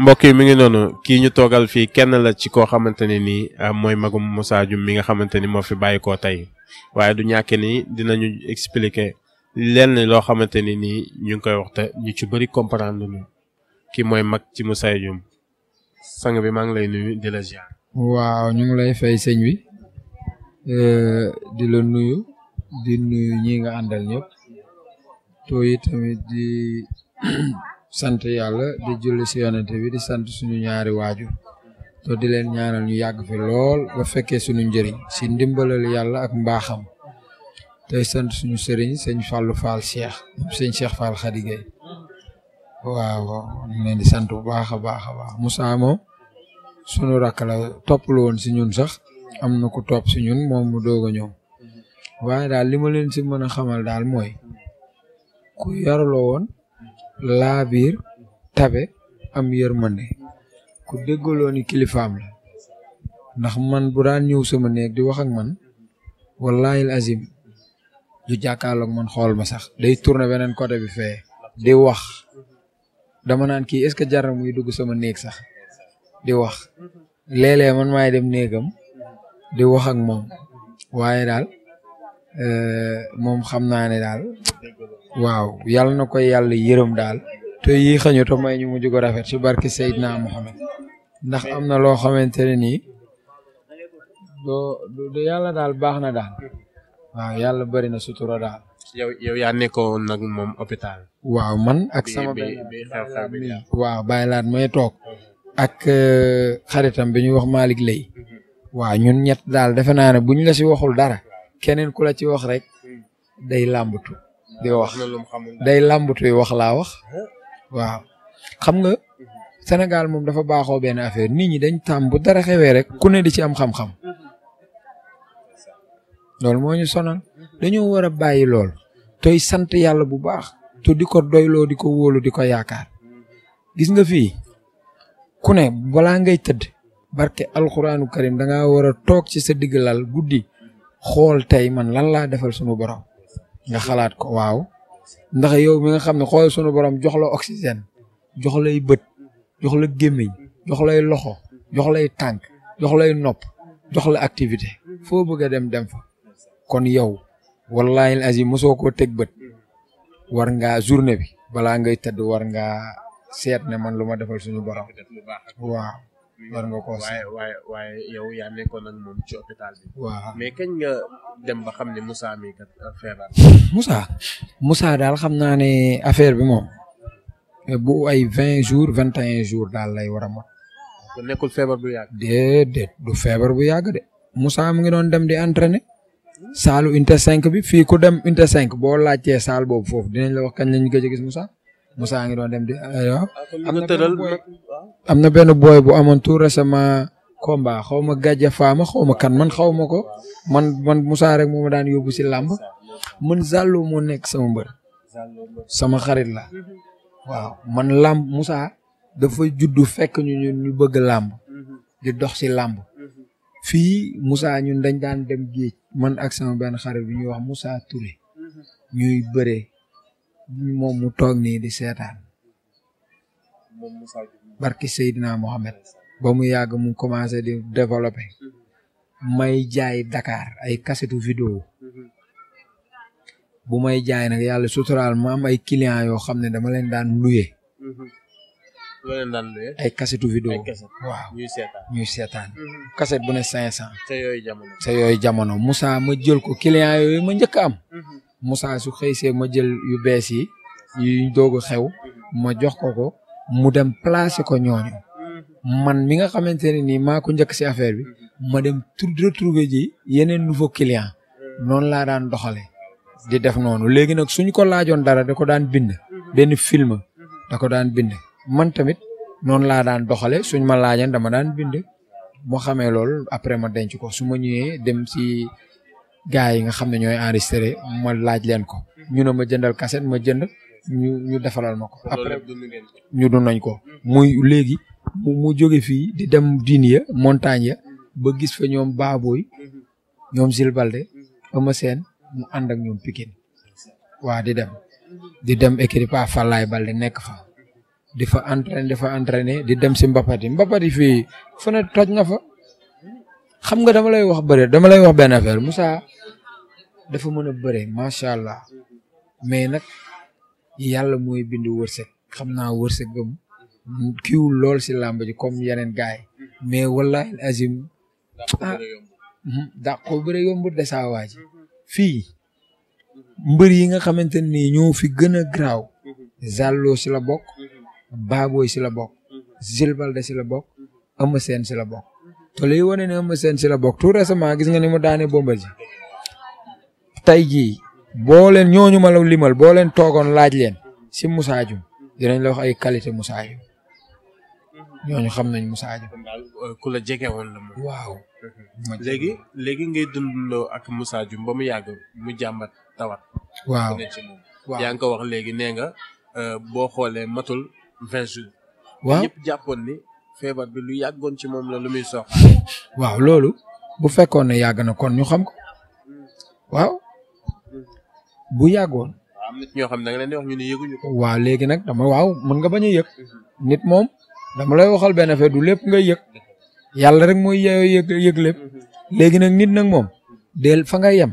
mbokk yi mi ngi noonu kii ñu toogal fii kenn la ci koo xamante ne nii ah, mooy magum Moussa mi nga xamante ni moo fi bàyyi koo tey waaye du ñàkk ni dinañu expliquer lenn loo xamante ni nii ñu ngi koy wax ñu ci bari comprendre ñu kii mooy mag ci musaajum Dioum sang bi maa ngi lay nuyu di la ziar. waaw ñu ngi lay fay sëñ bi euh, di la nuyu di nuyu ñi nga àndal ñëpp to yi di. sant yàlla di julli si yonente bi di sant suñu ñaari waaju te di leen ñaanal ñu yàgg fi lool ba fekkee suñu njëriñ si ndimbalal yàlla ak mbaaxam te sant suñu sëriñ sëñ Fallou Fall Cheikh sëñ Cheikh Fall Khady Gueye waaw ñu ngi leen di sant bu baax a baax a baax sunu rakk la topp si ñun sax am na ku topp si ñun moom mu doog a waaye daal lima ma si mën a xamal daal mooy ku yaruloo woon laabiir tabe am yërmande ku déggaloo ni kilifaam la ndax man bu daan ñëw sama néeg di wax ak man wallahi azim du jàkkaarloog man xool ma sax day tourné beneen côté bi fee di wax dama naan kii est ce que jar na muy dugg sama néeg sax di wax léeg-léeg man maay dem néegam di wax ak moom waaye daal euh, moom xam naa ne daal waaw yàlla na ko yàlla yërëm daal te yii xañu te may ñu mujj rafet ci barki Seydina Mohamed ndax am na loo xamante ne nii doo do yàlla daal baax na daal waaw yàlla bari na sutura daal. yow yow yaa nekkoon moom hôpital. waaw man ak sama benn waaw bàyyi laat may toog. ak euh, xaritam bi ñuy wax Malick Lay. waaw ñun ñett daal defe naa ne buñ la si waxul dara. keneen ku la ci wax rek day làmbatu. di wax day làmbatuy wax laa wax waaw xam nga mhm. senegal moom dafa baaxoo benn affaire nit ñi dañ tàmm bu dara xewee rek ku ne di ci am xam-xam mhm. loolu moo ñu sonal dañoo war a bàyyi lool tey sant yàlla bu baax te di ko doyloo di ko wóolu di ko yaakaar mhm. gis nga fii ku ne balaa ngay tëdd barke alxuraanu karim da nga war a toog ci sa digg lal guddi xool tey man lan laa defal sunu borom nga xalaat ko waaw ndax yow mi nga xam ne xoolal sunu borom jox la oxygène jox lay bët jox la gémmiñ jox lay loxo jox lay tànk jox lay nopp jox la activité foo bëgg a dem dem fa kon yow wallahi azim mosoo koo teg bët war ngaa journée bi balaa ngay tëdd war ngaa seet ne man lu ma defal suñu borom waaw war ko waaye waaye waaye yow yaa nekkoon ak moom ci hôpital waaw mais kañ nga dem ba xam ne Moussa mii kat euh, feebar. Moussa Moussa daal xam naa ne affaire bi moom euh, bu ay vingt jours vingt et un jours daal lay war a mot. kon nekkul feebar bu yàgg. déedéet du feebar bu yàgg de Moussa mu ngi doon dem di entraîner. saalu Unité 5 bi fii ku dem Unité 5 boo laajtee saal boobu foofu dinañ la wax kañ lañ gëj a gis Moussa. Moussa ngi doon dem di waaw ah, ah? am na tëral benn booy bu amoon tout sama combat xaw ma gàjja faama xaw ma kan man xaw ma ko man man Moussa rek moo ma daan yóbbu si làmb man Zallo moo nekk sama mbër sama xarit la waaw man làmb Moussa dafa juddu fekk ñu ñun ñu bëgg làmb mhm. di dox si làmb mhm. fii Moussa ñun dañ daan dem géej man ak sama benn xarit bi ñuy wax Moussa Touré mhm. moom mu toog nii di seetaan barki Seydina Mohamed ba mu yàgg mu commencé di développé may jaay Dakar ay kasetu vidéo bu may jaay nag yàlla suturaal ma am ay clients yoo xam ne dama leen daan luye ay kasetu vidéo waaw ñuy seetaan mhm. kaset bu ne cinq cent sa yooyu jamono Moussa ma jël ko clients yooyu ma njëkk am mhm. Moussa su xëysee ma jël yu bees yi yu doog a xew ma jox ko ko mu dem placer ko ñooñu man mi nga xamante ne nii maa ko njëkk si affaire bi ma dem tur retrouver ji yeneen nouveau client noonu laa daan doxale di def noonu léegi nag suñ ko laajoon dara da ko daan bind benn filma da ko daan bind man tamit noonu laa daan doxale suñ ma laajeen dama daan bind moo xamee loolu après ma denc ko su ma ñëwee dem si gars yi nga xam ne ñooy enregistré ma laaj leen ko ñu ne ma jëndal cassette ma jënd ñu ñu defalal ma ko. après ñu dund nañ ko. muy léegi mu jóge fii di dem dine ya montagne ya ba gis fa ñoom baabooy ñoom Zilbalde Eumeu Sène mu ànd ak ñoom Pikine waa di dem di dem écurie Pa Fallaye Balde nekk fa. di fa entraîné di di dem si mbapat yi mbapat yi fii fu ne na fa xam nga dama lay wax bëre dama lay wax benn affaire Moussa dafa mën a bëre macha allah mais nag yàlla mooy bindu wërsëg xam naa wërsëgam kiiwul lool si làmb ji comme yeneen gaay mais wallahi azim ah mhm, dàq ko bëre yombut de saa waa ji fii mbër yi nga xamante ni ñoo fi gën a graaw Zallo si la bokk Baboy si la bokk Zilbalde si la bok bokk Ama Sène si la bok te liy wane ne Ama Sène si la bokk tout récemment gis nga ni mu daane bomba tey jii boo leen ñooñu ma la limal boo leen toogoon laaj leen si Moussa Dioum dinañ la wax ay qualité Moussa Dioum ñooñu xam nañ Moussa Dioum. Euh, ku la jege woon la moom. waaw. léegi léegi ngay ak Moussa Dioum ba mu yàgg mu jàmbat tawat. waaw yaa ngi ko wax léegi nee nga euh, boo xoolee matul vingt jours. waaw ñëpp feebar bi lu yàggoon ci moom la muy sox. loolu bu fekkoon ne yàgg na kon ñu xam ko hmm. waaw bu yàggoon. waaw am xam ne da nga leen di wax ñu ne waaw léegi nag dama waaw mën nga bañ a yëg. nit moom dama lay waxal benn affaire du lépp ngay yëg. yàlla rek mooy yëg yëg lépp. Mm-hmm. léegi nag nit nag moom. del fa nga yem.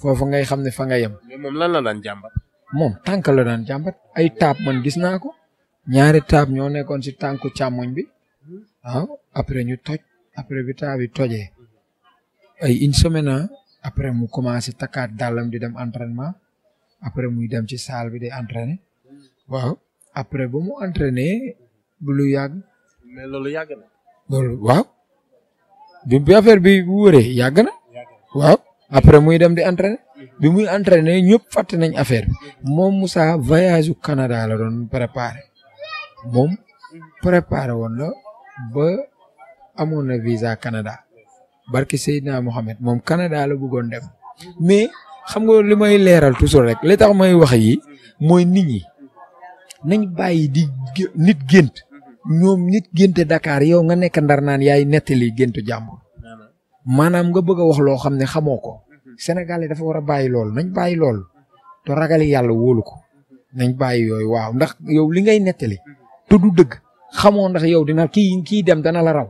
foofa ngay xam ne fa nga yem. moom lan la daan jàmbat. moom tànk jàmbat ay taab man gis naa ko. ñaari taab ñoo nekkoon si tànku càmmoñ bi. waaw après ñu toj après bi taab bi tojee. ay une na après mu commencé takkaat dàllam di dem entraînement. après muy dem ci salle bi di entraîner waaw après ba mu entraîner bu lu yàgg. mais loolu yàgg na. loolu waaw bi affaire bi bu wëree yàgg na. waaw après muy dem di entraîner. bi muy entraîner ñëpp fàtte nañ affaire bi. moom Moussa voyage au Canada la doon préparé moom préparé woon la ba amoon na visa Canada barki Seydina Mohamed moom Canada la bëggoon dem xam nga li may leeral toujours rek li tax may wax yi mooy nit ñi nañ bàyyi di nit gént ñoom nit génte Dakar yow nga nekk ndar naan yaay nettali géntu jàmbur maanaam nga bëgg a wax loo xam ne xamoo ko Sénégal yi dafa war a bàyyi lool nañ bàyyi lool te ragal yàlla wóolu ko nañ bàyyi yooyu waaw ndax yow li ngay nettali te du dëgg xamoo ndax yow dina kii kii dem dana la raw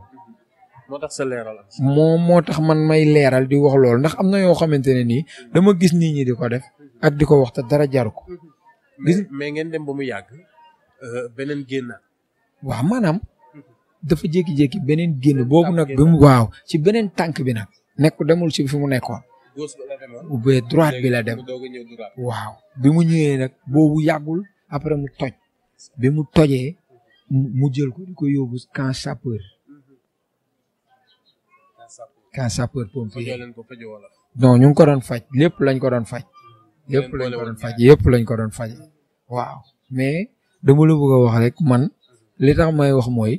moo tax sa leeral moom moo tax man may leeral di wax loolu ndax am na yoo xamante ne nii dama gis nit ñi di ko def ak di ko wax te dara jaru ko. gis mais ngeen dem ba mu yàgg euh, beneen génn. waaw maanaam. dafa jékki-jékki beneen génn boobu nag bi mu waaw ci beneen tànk bi nag nekk demul ci fi mu nekkoon ba droite bi la dem waaw bi mu ñëwee nag boobu yàggul après mu toj bi mu tojee mu jël ko di ko yóbbu camp sapeur quand sapeur pompier non ñu ngi ko doon faj lépp lañ ko doon faj yëpp lañ ko doon faj yëpp lañ ko doon faj waaw mais dama la bëgg a wax rek man li tax may wax mooy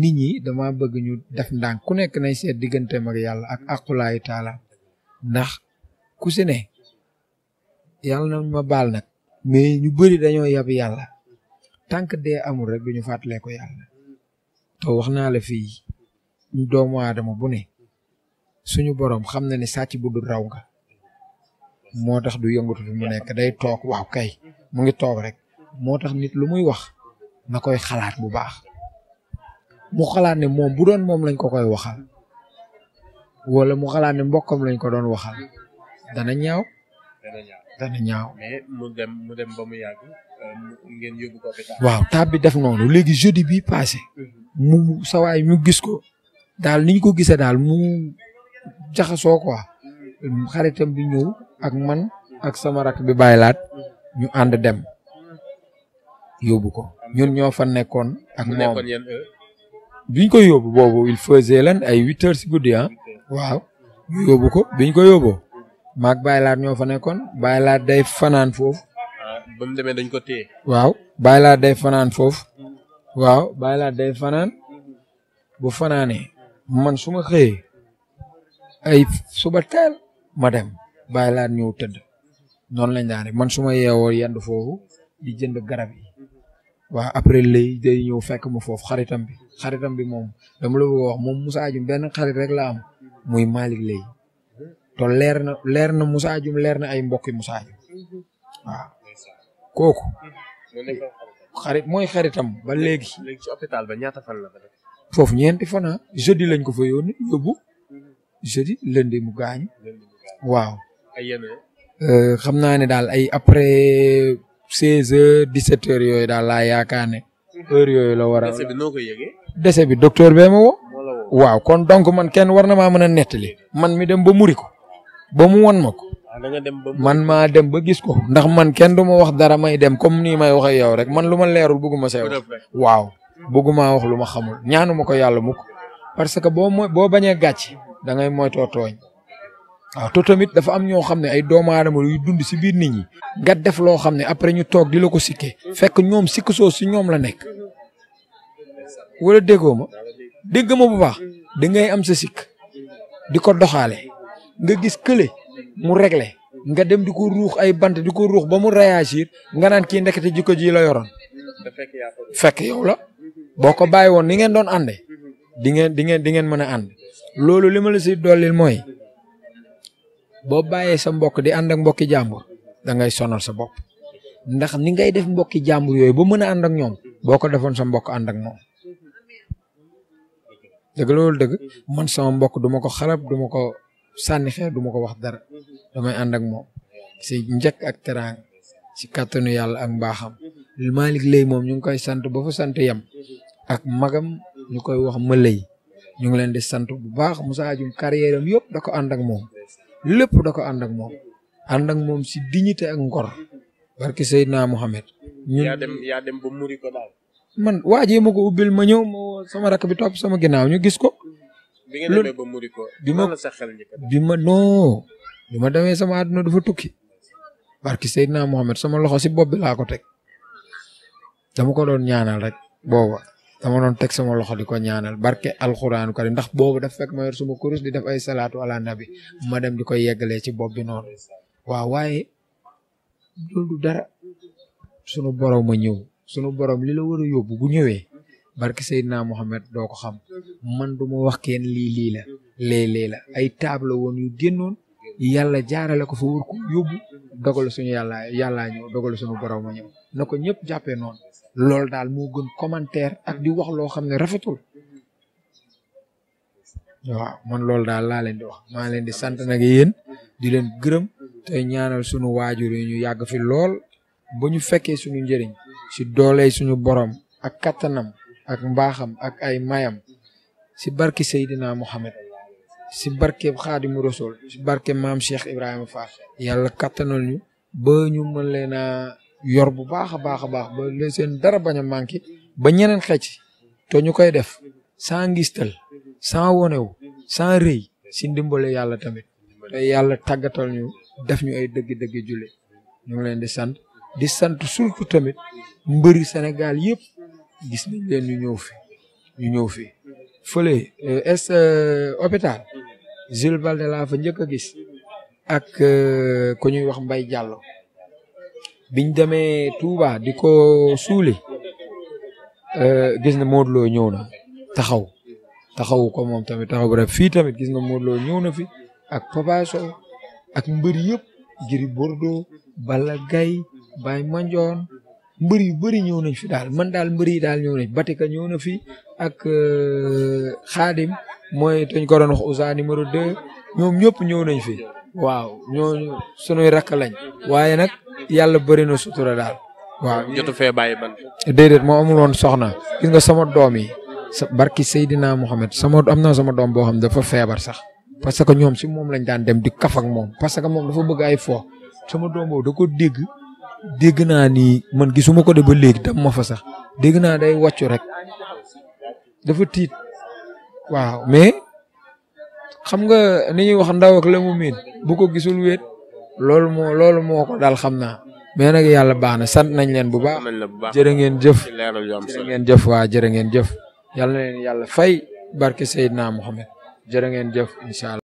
nit ñi dama bëgg ñu def ndànk ku nekk nay seet digganteem ak yàlla ak aqulaayu taala ndax ku si ne yàlla na ma baal nag mais ñu bëri dañoo yab yàlla tant que dee amul rek du ñu fàttalee ko yàlla fii doomu aadama bu ne suñu borom xam na ne sàcc bu dul raw nga moo tax du yëngatu fi mu nekk day toog waaw kay mu ngi toog rek moo tax nit lu muy wax na koy xalaat bu baax mu xalaat ne moom bu doon moom lañ ko koy waxal wala mu xalaat ne mbokkam lañ ko doon waxal dana ñaaw. dana ñaaw mu dem mu dem ba mu yàgg euh, ngeen yóbbu ko waaw tab bi def noonu léegi jeudi bi passé. Mhm. mu sawaay ñu gis ko daal niñ ko gisee daal mu. jaxasoo quoi xaritam bi ñëw ak man ak sama rakk bi bàyyi laat ñu ànd dem yóbbu ko ñun ñoo fa nekkoon ak moom biñ ko yóbbu boobu il faisait lan ay huit heures si guddi ah. ko biñ ko yóbboo mak bàyyi laat ñoo fa nekkoon bàyyi laat day fanaan foofu ah, ba mu demee dañ ko téye waaw day fanaan foofu waaw bàyyi laat day fanaan man su xëyee ay suba teel ma dem bàyyi laa ñëw tëdd noonu lañ daan man suma ma yeewoo yendu foofu di jënd garab yi waaw après lay day ñëw fekk ma foofu xaritam bi xaritam bi moom dama la bëgg a wax moom Moussa Dioum benn xarit rek la am muy Malick Lay to leer na leer na leer na ay mbokki Moussa Dioum waaw kooku xarit mooy xaritam ba léegi. léegi ci hôpital ah. jeudi lañ ko fa jeudi lundi mu gaañu. waaw. ay euh, xam naa ne daal ay après seize heures dix sept yooyu daal laa yaakaar ne. heure yooyu la war a. dese bi ko yëgee. dese bi docteur bee ma woo. waaw kon donc man kenn war na maa mën a nettali. man mi dem ba muri ko. ba mu won ma ko. Ah, man maa dem ba gis ko. ndax man kenn du ma wax dara may dem comme nii may wax ak yow rek man lu ma leerul bëgguma say wax. waaw bëgguma wax lu ma xamul ñaanu ko yàlla mukk parce que boo ma boo da ngay moytoo tooñ waaw te tamit dafa am ñoo xam ne ay doomu aadama yuy dund si biir nit ñi nga def loo xam ne après ñu toog di la ko sikkee fekk ñoom sikk soo si ñoom la nekk wala déggoo ma dégg ma bu baax da ngay am sa sikk di ko doxaale nga gis kële mu regle nga dem di ko ruux ay bant di ko ruux ba mu réagir nga naan kii ndekete jikko ji la yoroon fekk yow la boo ko bàyyi woon ni ngeen doon ànde di ngeen di ngeen di ngeen mën a ànd loolu li ma la si dollil mooy boo bàyyee sa mbokk di ànd ak mbokki jàmbur da ngay sonal sa bopp ndax ni ngay def mbokki jàmbur yooyu ba mën a ànd ak ñoom boo ko defoon sa mbokk ànd ak moom dëgg loolu dëgg man sama mbokk duma ko xarab duma ko sànni xeer duma ko wax dara damay ànd ak moom si njëkk ak teraanga si kàttanu yàlla ak mbaaxam Malick Lay moom ñu ngi koy sant ba fa sant yem ak magam ñu koy wax ma lay ñu ngi leen di sant bu baax Moussa Dioum carrière am yëpp da ko ànd ak moom lépp da ko ànd ak moom ànd ak moom si dignité ak ngor barki Seydina Mohamed. ñun yaa dem yaa dem ba ko daal. man waa ma ko ubbil ma ñëw ma sama rakk bi topp sama ginnaaw ñu gis ko. bi ngeen demee ba muri ko. bi ma bi ma non. bi ma demee sama àdduna dafa tukki. barki Seydina Mohamed sama loxo si bopp bi laa ko teg dama ko doon ñaanal rek booba. dama doon teg sama loxo di ko ñaanal barke alxuraanu karim ndax boobu daf fekk ma suma kurus di def ay salaatu ala nabi ma dem di koy yeggalee ci bopp bi noonu waaw waaye loolu du dara sunu borom a ñëw sunu borom li la war a yóbbu bu ñëwee barke Seydina Mohamed doo ko xam man du ma wax kenn lii lii la léeg-léeg la ay table woon yu génnoon yàlla jaarale ko fa wër ko yóbbu dogal suñu yàlla yàllaa ñëw dogal suñu borom a ñëw na ko ñëpp jàppee noonu. loolu daal moo gën commentaire ak di wax loo xam ne rafetul waaw man loolu daal laa leen di wax maa leen di sant nag yéen di leen gërëm te ñaanal suñu waajur yi ñu yàgg fi lool ba ñu fekkee suñu njëriñ si dooley suñu borom ak kattanam ak mbaaxam ak ay mayam si barke Seydina Mohamed si barke Xaadimu Rasul si barke maam Cheikh Ibrahima Fall yàlla kattanal ñu ba ñu mën yor bu baax a baax a baax ba seen dara bañ a manqué ba ñeneen xecc to ñu koy def sans ngistal sans wonewu sans rëy si ndimbale yàlla tamit te yàlla tàggatal ñu def ñu ay dëgg-dëgg julli ñu ngi leen di sant di sant surtout tamit mbëri Sénégal yëpp gis nañ leen ñu ñëw fi ñu ñëw fi fële euh, est euh, hôpital Jules Balde laa fa njëkk a gis ak euh, ku ñuy wax Mbay Jàllo biñ demee Touba di ko suuli euh, gis na Modou Lo ñëw na taxaw taxawu ko moom tamit taxaw bu fii tamit gis nga Modou Lo ñëw na fi ak Papa ak mbër yëpp Gris Bordeaux Balla Gaye Baye Mandione mbër yu bëri ñëw nañ fi daal man daal mbër yi daal ñëw nañ Batika ñëw na fi ak Xaadim euh, mooy dañ ko doon wax Ousa numéro 2 ñoom ñëpp ñëw nañ fi waaw ñooñu sunuy rakk waaye nag. yàlla bëri na sutura daal. waaw jotu fee bàyyi ban. déedéet moo amul woon soxna gis nga sama doom yi sa barki Seydina Mohamed sama am naa sama doom boo xam dafa feebar sax parce que ñoom si moom lañ daan dem di kaf ak moom parce que moom dafa bëgg ay fo sama doom boobu da ko dégg dégg naa ni man gisuma ko de ba léegi dem ma fa sax dégg naa day wàccu rek dafa tiit waaw mais xam nga ni ñuy wax ndaw ak la mu miin bu loolu moo loolu moo ko dal xam naa mais nag yàlla baax na sant nañ leen bu baax jërë ngeen jëf jërë ngeen jëf waa jërë ngeen jëf yàlla leen yàlla fay barke Seydina Mohamed jërë ngeen jëf incha allah